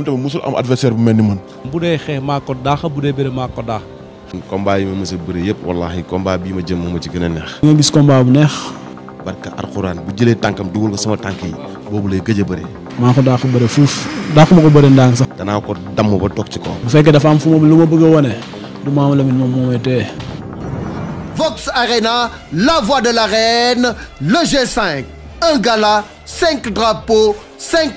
moom tamit mosul am adversaire bu mel ni man. bu dee xeex maa ko daax bu dee bëre maa ko daax. combat yi ma mës a bëri yëpp wallaahi combat bii ma jëm moo ma ci gën a neex. nga gis combat bu neex. barka alxuraan bu jëlee tànkam dugal ko sama tànk yi boobu lay gëj a bëri. maa ko daax bëri fuuf daax ko bëri ndànk sax. danaa ko damm ba toog ci kaw. a la voix de l'arène le G5 un gala cinq drapeaux cinq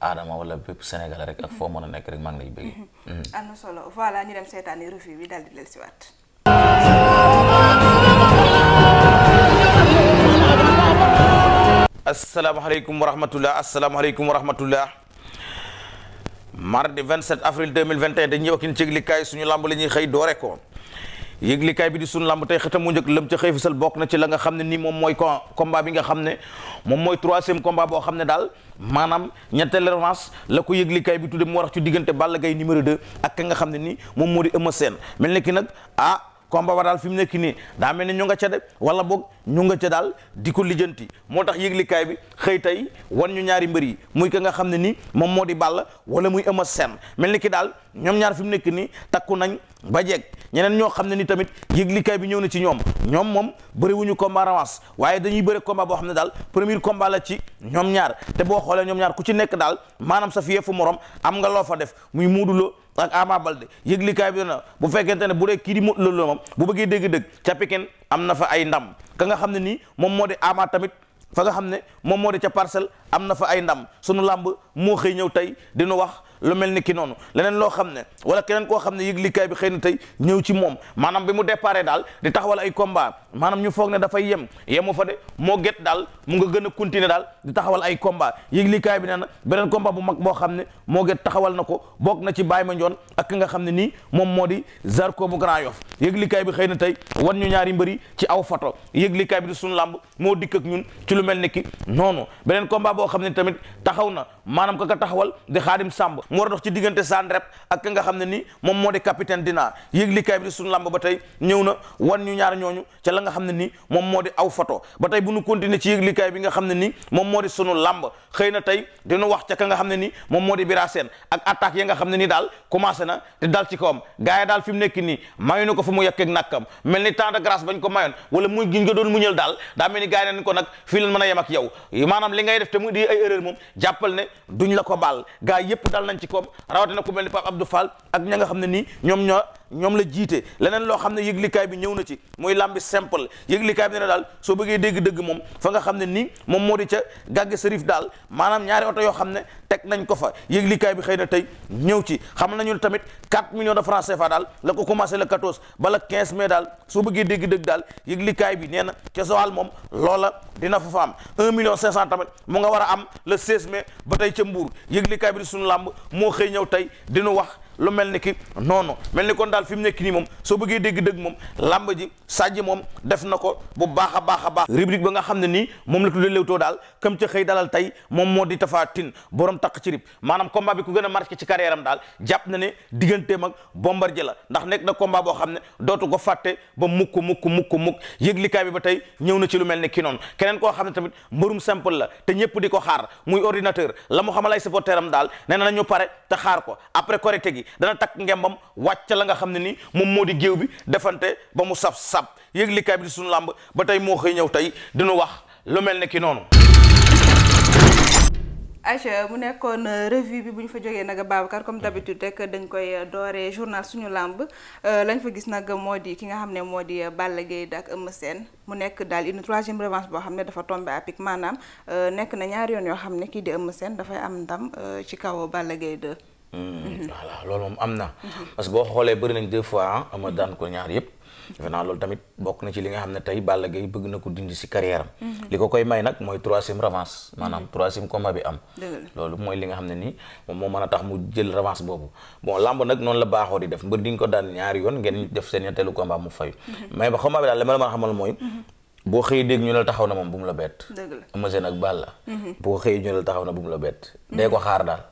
Adama wala bépp Sénégal rek ak foo mën a nekk rek maa ngi lay bëgg. Mhm. Mm. am na solo voilà ñu dem seetaani revue bi daal di leen siwaat. asalaamaaleykum wa rahmatulah asalaamaaleykum wa rahmatulah. mardi 27 avril 2021 dañuy wax ci yëglikaay suñu lamb la ñuy xëy doore ko. yëglikaay bi di sunu làmb tey xëtam mu njëkk lëm ca xëy fisal bokk na ci la nga xam ne ni moom mooy combat bi nga xam ne moom mooy troisième combat boo xam ne daal maanaam ñetteel revanche la ko yëglikaay bi tu mu war a ci diggante Balla gay numéro 2 ak ka nga xam ne nii moom moo di Eumeu Sène mel ni ki nag ah combat ba daal fi mu nekk nii daa mel ni ñu nga ca de wala boog ñu nga ca daal di ko lijjanti moo tax yëglikaay bi xëy tey wan ñu ñaari mbër yi muy ka nga xam ne nii moom moo di Balla wala muy Eumeu Sène mel ni ki daal ñoom ñaar fi mu nekk nii takku nañ ba jeeg ñeneen ñoo xam ne ni tamit yëglikaay bi ñëw na ci ñoom ñoom moom bëri wuñu combat revanche waaye dañuy bëri combat boo xam ne daal premier combat la ci ñoom ñaar te boo xoolee ñoom ñaar ku ci nekk daal maanam sa fi yeefu morom am nga loo fa def muy Modou Lo ak Ama Balde yëglikaay bi na bu fekkente ne bu dee kii di Modou Lo la bu bëggee dégg-dëgg ca Pikine am na fa ay ndam ka nga xam ne nii moom moo de Ama tamit fa nga xam ne moom moo de ca parcelle am na fa ay ndam sunu làmb moo xëy ñëw tey dinu wax lu mel ni ki noonu leneen loo xam ne wala keneen koo xam ne yëglikaay bi xëy na tey ñëw ci moom maanaam bi mu déparé daal di taxawal ay combat maanaam ñu foog ne dafay yem yemu fa moo get daal mu nga gën a continuer daal taxawal ay combat yëglikaay bi nee na beneen combat bu mag boo xam ne moo get taxawal na ko bokk na ci Baye Mandione ak ki nga xam ne nii moom moo di Zarko bu Grand Yoff bi xëy na tey wan ñu ñaari mbëri ci aw photo yëglikaay bi di suñu làmb moo dikk ak ñun ci lu mel ni ki noonu beneen combat boo xam ne tamit taxaw na maanaam ko ka taxawal di Xaadim Sàmb mu war a dox ci diggante Sandrep ak ki nga xam ne ni moom moo di capitaine Dina yëglikaay bi di suñu làmb ba tey ñëw na wan ñu ñaar ñooñu ca la nga xam ne nii moom moo di aw photo ba tey bu ñu continuer ci yëglikaay bi nga xam ne ni moom moo di sunu làmb xëy na tey dinu wax ca ka nga xam ne ni moom moo di Bira Sène ak attaques yi nga xam ne ni daal commencé na te dal ci kawam gars yi daal fi mu nekk nii mayu na ko fu mu yekkeeg nàkkam mel ni temps de grâce bañ ko mayoon wala mu giñ nga doon daal daa mel ni gars yi nañ ko a yem li ngay def te mu di ay erreur moom jàppal ko baal gars yépp dal nañ ci koom rawatina ku mel ni Pape Abdou Fall ak ña nga xam ne nii ñoom ñoom la jiite leneen loo xam ne yëglikaay bi ñëw na ci muy làmbi simple yëglikaay bi ne daal soo bëggee dégg dëgg moom fa nga xam ne nii moom moo di ca gàgge sërif daal maanaam ñaari oto yoo xam ne teg nañ ko fa yëglikaay bi xëy na tey ñëw ci xam nañu tamit 4 millions de francs CFA daal la ko commencé le 14 ba le 15 mai daal soo bëggee dégg dëgg daal yëglikaay bi nee na ca Joal moom loola dina fa fa am 1 million 500 tamit mu nga war a am le 16 mai ba tey ca Mbour bi di sunu làmb moo xëy ñëw tey dinu wax lu mel ni ki noonu mel ni kon daal fi mu nekk nii moom soo bëggee dégg dëgg moom làmb ji Sadji moom def na ko bu baax a baax a baax rubrique ba nga xam ne nii moom la tuddee Leewtoo daal këm ca xëy dalal tey moom moo di Tapha borom takk ci rib maanaam combat bi ku gën a marqué ci carrière daal jàpp na ne digganteem ak Bombardier la ndax nekk na combat boo xam ne dootu ko fàtte ba mukk mukk mukk mukk yëglikaay bi ba tey ñëw na ci lu mel ni ki noonu keneen koo xam ne tamit mbërum simple la te ñëpp di ko xaar muy ordinateur la mu xamal ay supporteram daal nee na ñu pare te xaar ko après korité gi dana takk ngembam wàcc la nga xam ne ni moom moo di géew bi defante ba mu sab-sab yëglikaay bi di suñu làmb ba tey moo xëy ñëw tey diñu wax lu mel ne ki noonu Aïcha mu nekkoon euh, revue bi bu ñu fa jógee nag Babacar comme d'habitude rek dañ koy euh, dooree journal suñu làmb euh, lañ fa gis nag moo di ki nga xam ne moo di Balla Gaye ak Eumeu seen mu nekk daal une troisième revanche boo xam ne dafa tombé à maanaam nekk na ñaari yoon yoo xam ne kii di Eumeu Sène dafay am ndam ci kaw Balla Hmm, voilà loolu moom am na. parce que boo xoolee bari nañ deux fois ama ah, daan ko ñaar yëpp. defe naa loolu tamit bokk na ci li nga xam ne tey Balla Gaye bëgg na ko dindi si carrière mhm. li ko koy may nag mooy troisième revanche mhm. maanaam troisième combat bi am. loolu mooy li nga xam ne nii moom moo mën a tax mu jël revanche boobu bon lamb nag noonu la baaxoo di def mbër di nga ko daan ñaari yoon ngeen def seen ñetteelu combat mu fay. Mhm. mais ba combat bi daal li ma la mën a xamal mooy. boo xëyee dégg ñu la taxaw na moom bu mu la bett. dëgg la Eumeu Sène ak xëyee ñu taxaw na bu la bett. dee ko xaar daal.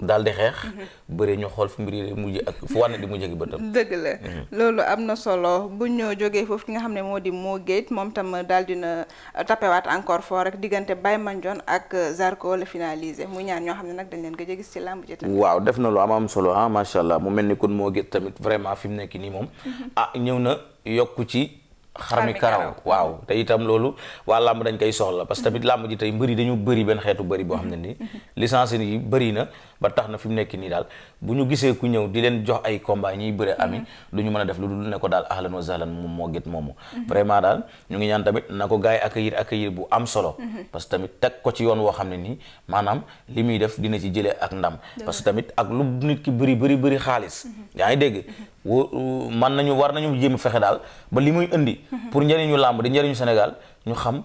daal di xeex. Mhm. bëri ñu xool fu mbir yi mujj ak fu wànne di mujj ak bëtam. dëgg la mhm. loolu am na solo bu ñu jógee foofu ki nga xam ne moo di moo géej moom tam daal dina uh, tapewaat encore fort rek diggante Baye Mandione ak uh, Zarko la finalisé muy ñaar ñoo xam ne nag dañ leen gëj a gis ci làmb ji waaw def na lu am am solo ah macha allah mel ni kon moo géej tamit vraiment fi mu nekk nii moom. Mhm. ah ñëw na yokku ci. xar mi karaw waaw te loolu waa làmb dañ koy soxla parce que tamit làmb ji tey mbëri dañu bëri benn xeetu bëri boo xam ne ni licence yi bëri na ba tax na fi mu nekk nii daal bu ñu gisee ku ñëw di leen jox ay combat ñiy bëre ami lu mm-hmm. ñu mën a def lu dul ne ko daal ahlan wa sahlan moom moo gét moomu mm-hmm. vraiment daal ñu ngi ñaan tamit na ko gars yi ak accueillir bu am solo mm-hmm. parce que tamit teg ko ci yoon woo xam ne nii maanaam li muy def dina ci jëlee ak ndam parce que tamit ak lu nit ki bëri bëri bëri xaalis yaa ngi dégg man nañu war nañu jéem fexe daal ba li muy indi pour njëriñu làmb di njëriñu Sénégal ñu xam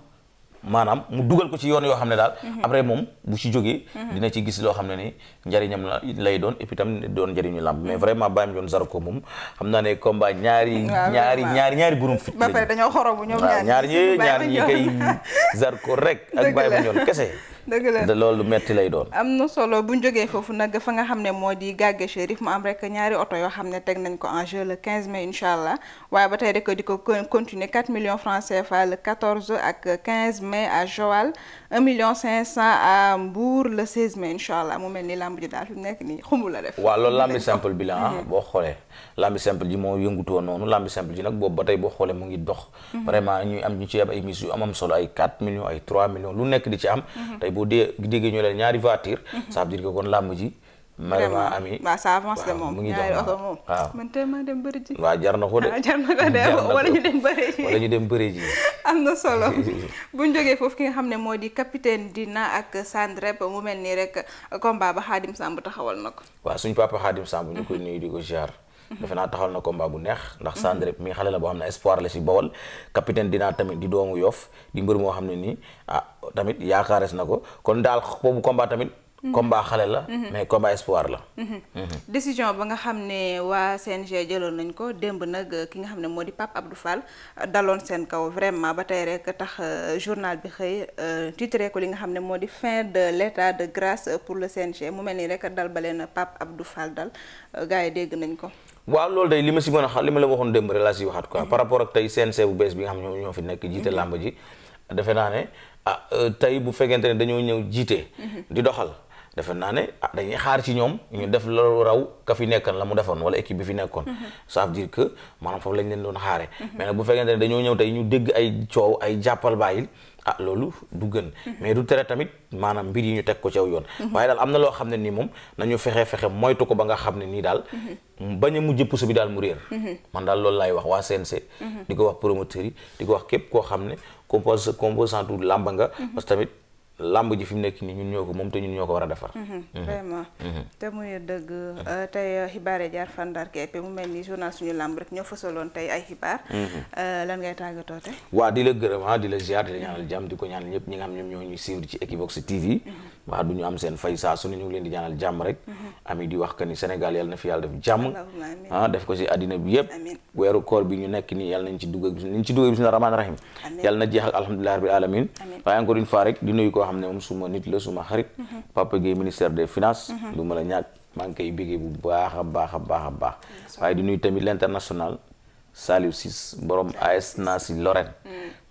maanaam mu dugal ko ci yoon yoo xam ne daal mhm. après moom bu ci jógee mhm. dina ci gis loo xam ne ni njariñam la lay doon et puis tam doon njariñu làmb mais mhm. vraiment bàyyam yoon Zarko moom xam naa ne combat ñaari ñaari ñaari ñaari gurum fit dañoo xorobu ñoom ñaari ñaari ñi ñaari ñi kay Zarko rek ak bàyyam yoon kese dëgg la loolu metti lay doon. am na solo bu ñu jógee foofu nag fa nga xam ne moo di Gagé Chérif mu am rek ñaari oto yoo xam ne teg nañ ko en jeu le 15 mai incha allah waaye ba tey rek di ko continuer 4 millions francs CFA le 14 ak 15 mai à Joal 1 million 500 à Mbour le 16 mai incha allah mu mel ni lamb ji daal fi mu nekk nii xumb la def. waaw loolu lamb simple bi ah, boo xoolee. lambi simple ji moo yëngutoo noonu lambi simple ji nag boob ba tey boo xoolee mu ngi dox mhm. vraiment ñuy am ñu ci am ay miss yu amam solo ay 4 millions ay 3 millions lu nekk di ci am mhm. tey boo dee déggee ñu leen ñaari voiture mhm. ça veut dire que kon lamb ji vraiment ami waaw ça avance de moom ñaari ma dem bëri ji waaw jar na ko de ah, de wala ñu dem bëri ji am na solo buñ jógee foofu ki nga xam ne moo di capitaine Dina ak Sandrep mu mel nii rek combat ba Xaadim Samb taxawal na ko waaw suñ papa Xaadim Samb ñu koy nuyu di ko ziar defe naa taxal na combat bu neex ndax mhm. Sandré mi xale la boo xam ne espoir la si Bawol capitaine dinaa tamit di doomu Yoff di mbër moo xam ne nii ah tamit yaakaares na ko kon daal boobu combat tamit mhm. combat xale la mhm. mais combat espoir la décision ba nga xam ne waa CNG jëloon nañ ko démb nag euh, ki nga xam ne moo di Pape Abdou Fall euh, daloon seen kaw vraiment ba tey rek tax euh, journal bi xëy titré ko li nga xam ne moo di fin de l'état de grâce pour le CNG mu mel nii rek ba leen Pape Abdou Fall dal gars yi dégg nañ ko waaw loolu day li ma si mën a xa li ma la waxoon démb rek laa si waxaat quoi par rapport ak tey CNG bu bees bi nga xam ñoo fi nekk jiite làmb ji defe naa ne ah euh, tey bu fekkente ne dañoo ñëw jiite mhm. di doxal defe naa ne ah dañuy xaar ci ñoom ñu def la raw ka fi nekkoon la mu defoon wala équipe bi fi nekkoon mm-hmm. ça veut dire que maanaam foofu lañ leen doon xaare mm-hmm. mais nag bu fekkente ne dañoo ñëw tey ñu dégg ay coow ay jàppal bàyyil ah, loolu du gën mm-hmm. mais du tere tamit maanaam mbir yi ñu teg ko ci aw yoon waaye daal am na loo xam ne nii moom nañu fexe-fexe moytu ko ba nga xam ne nii daal bañ a mujj puso bi daal mu réer man daal loolu laay wax waa CNC di ko wax yi di ko wax képp koo xam ne compose composant du làmba nga parce làmb ji fi mu nekk nii ñun ñoo ko moom te ñun ñoo ko war a defar. Mhm, mhm. vraiment. Mhm. te muy dëgg euh, tey euh, xibaar yi jaar fandar keppe mu mel ni journal suñu làmb rek ñoo fasaloon tey ay xibaar. Euh, lan ngay tàggatoo tey. waaw di la gërëm ah di la ziar di la ñaanal jàmm di ñëpp ñi nga xam ñoom ñoo ñuy suivre ci Equivox TV. waaw du ñu leen di ñaanal jàmm rek. ami di wax que ni Sénégal yal na fi yàlla def jàmm. Ah, def ko si àddina bi yëpp. weeru koor bi ñu nekk nii yal nañ ci dugg ak nañ ci dugg ak bismillah rahmaan rahim. yal na jeex ak alhamdulilah alamin waaye xam ne moom suma nit la suma xarit Papa Gueye ministère des finances lu mën a ñàkk maa ngi koy bu baax a baax a baax a baax waaye di nuyu tamit l'international Saliou Ciss borom AS a Lorraine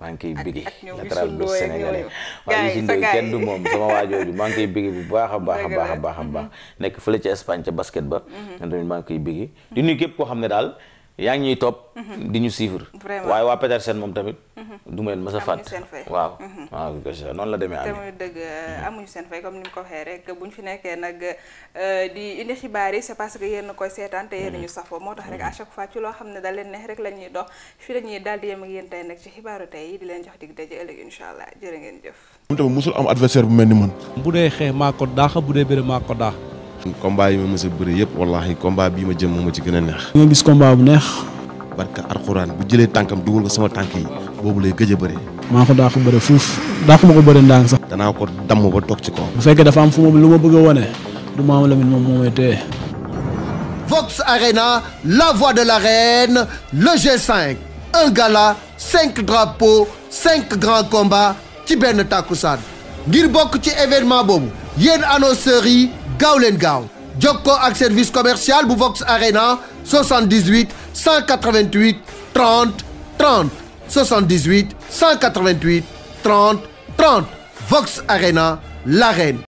maa ngi koy bégee latéral bu sénégalais waaye Youssou Ndoye kenn du moom sama waajooju maa ngi koy bégee bu baax a baax a baax a baax mm. baax mm-hmm. nekk fële ca Espagne ca basket ba man mm-hmm. tamit maa koy bégee di nuyu képp koo xam ne daal yaa ngi ñuy topp. Mhm. di ñu suivre. vraiment waaye waa Petersen moom tamit. Mhm. du ma leen mës a fàtt waaw mhm. waaw noonu la demee am dëgg amuñu seen fay comme ni mu ko waxee rek bu ñu fi nekkee nag euh, di indi xibaar yi c'est parce que yéen koy seetaan te moo tax ci loo xam ne da leen neex rek la ñuy dox fi dañuy daal di yem ak yéen tey nag ci xibaaru tey yi di leen jox dig daje ëllëg insha allah jërë ngeen jëf moom tamit musul am adversaire bu mel ni man bu dee xee maa ko daax bu dee bëre maa ko daax combat yi ma mës a bëri yëpp wallaahi combat bii ma jëm moo ma ci gën a neex. di nga gis combat bu neex. barka alxuraan bu jëlee tànkam dugal ko sama tànk yi boobu lay gëj a bëri. maa ko daa ko bëri fuuf daa ma ko bëri ndànk sax. danaa ko damm ba toog ci kaw. bu fekkee dafa am fu ma lu ma bëgg a wane du maam Lamine moom moo may téye. Vox Arena la voix de l'arène le g gala cinq drapeaux cinq grands combats ci benn takkusaan ngir bokk ci événement boobu. yéen annonceurs yi gaaw leen gaaw jokkoo ak service commercial bu Vox Arena 78 188 30 30 78 188 30 30 Vox Arena l'arène